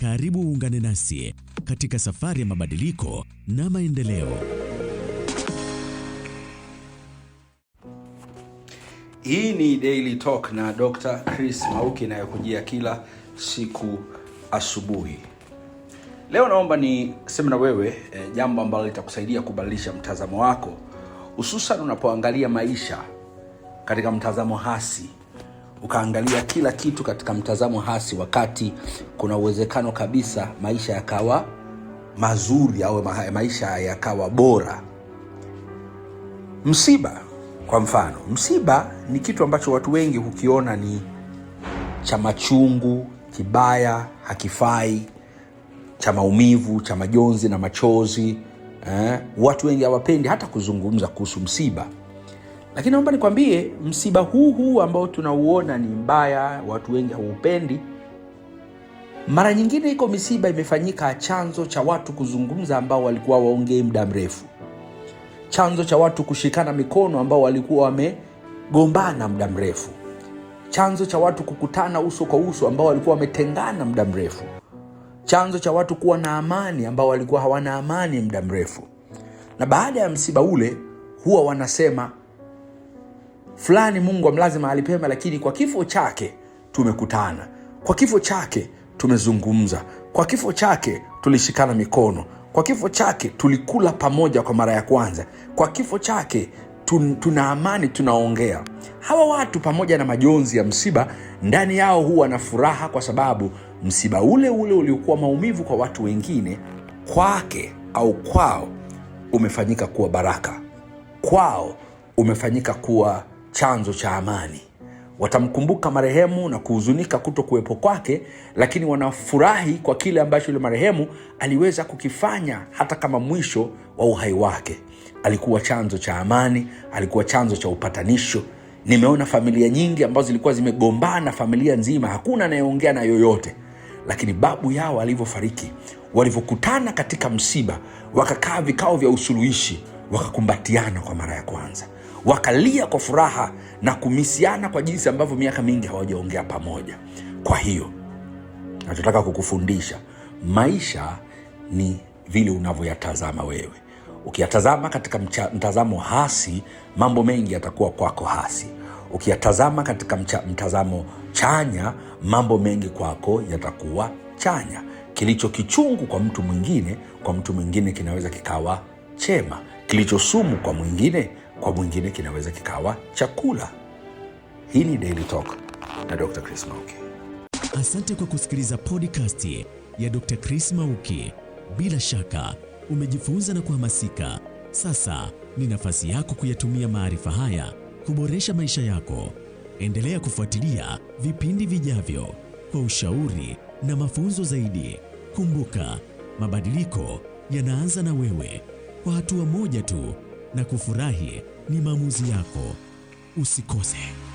Karibu uungane nasi katika safari ya mabadiliko na maendeleo. Hii ni Daily Talk na Dr. Chris Mauki inayokujia kila siku asubuhi. Leo naomba ni sema na wewe e, jambo ambalo litakusaidia kubadilisha mtazamo wako, hususan unapoangalia maisha katika mtazamo hasi ukaangalia kila kitu katika mtazamo hasi, wakati kuna uwezekano kabisa maisha yakawa mazuri au maisha yakawa bora. Msiba kwa mfano, msiba ni kitu ambacho watu wengi hukiona ni cha machungu, kibaya, hakifai, cha maumivu, cha majonzi na machozi eh. Watu wengi hawapendi hata kuzungumza kuhusu msiba. Lakini naomba nikwambie msiba huu huu ambao tunauona ni mbaya, watu wengi haupendi. Mara nyingine iko misiba imefanyika chanzo cha watu kuzungumza ambao walikuwa waongei muda mrefu, chanzo cha watu kushikana mikono ambao walikuwa wamegombana muda mrefu, chanzo cha watu kukutana uso kwa uso ambao walikuwa wametengana muda mrefu, chanzo cha watu kuwa na amani ambao walikuwa hawana amani muda mrefu. Na baada ya msiba ule huwa wanasema fulani Mungu amlaze mahali pema, lakini kwa kifo chake tumekutana, kwa kifo chake tumezungumza, kwa kifo chake tulishikana mikono, kwa kifo chake tulikula pamoja kwa mara ya kwanza, kwa kifo chake tun, tuna amani, tunaongea. Hawa watu pamoja na majonzi ya msiba, ndani yao huwa na furaha, kwa sababu msiba ule ule uliokuwa maumivu kwa watu wengine, kwake au kwao umefanyika kuwa baraka, kwao umefanyika kuwa chanzo cha amani. Watamkumbuka marehemu na kuhuzunika kuto kuwepo kwake, lakini wanafurahi kwa kile ambacho yule marehemu aliweza kukifanya, hata kama mwisho wa uhai wake. Alikuwa chanzo cha amani, alikuwa chanzo cha upatanisho. Nimeona familia nyingi ambazo zilikuwa zimegombana, familia nzima, hakuna anayeongea na yoyote, lakini babu yao alivyofariki, walivyokutana katika msiba, wakakaa vikao vya usuluhishi, wakakumbatiana kwa mara ya kwanza wakalia kwa furaha na kumisiana kwa jinsi ambavyo miaka mingi hawajaongea pamoja. Kwa hiyo nachotaka kukufundisha, maisha ni vile unavyoyatazama wewe. Ukiyatazama katika mtazamo hasi, mambo mengi yatakuwa kwako hasi. Ukiyatazama katika mcha, mtazamo chanya, mambo mengi kwako yatakuwa chanya. Kilicho kichungu kwa mtu mwingine, kwa mtu mwingine kinaweza kikawa chema. Kilicho sumu kwa mwingine kwa mwingine kinaweza kikawa chakula. Hii ni Daily Talk na Dr. Chris Mauki. Asante kwa kusikiliza podcast ya Dr. Chris Mauki. Bila shaka umejifunza na kuhamasika. Sasa ni nafasi yako kuyatumia maarifa haya kuboresha maisha yako. Endelea kufuatilia vipindi vijavyo kwa ushauri na mafunzo zaidi. Kumbuka, mabadiliko yanaanza na wewe. Kwa hatua moja tu na kufurahi ni maamuzi yako. Usikose.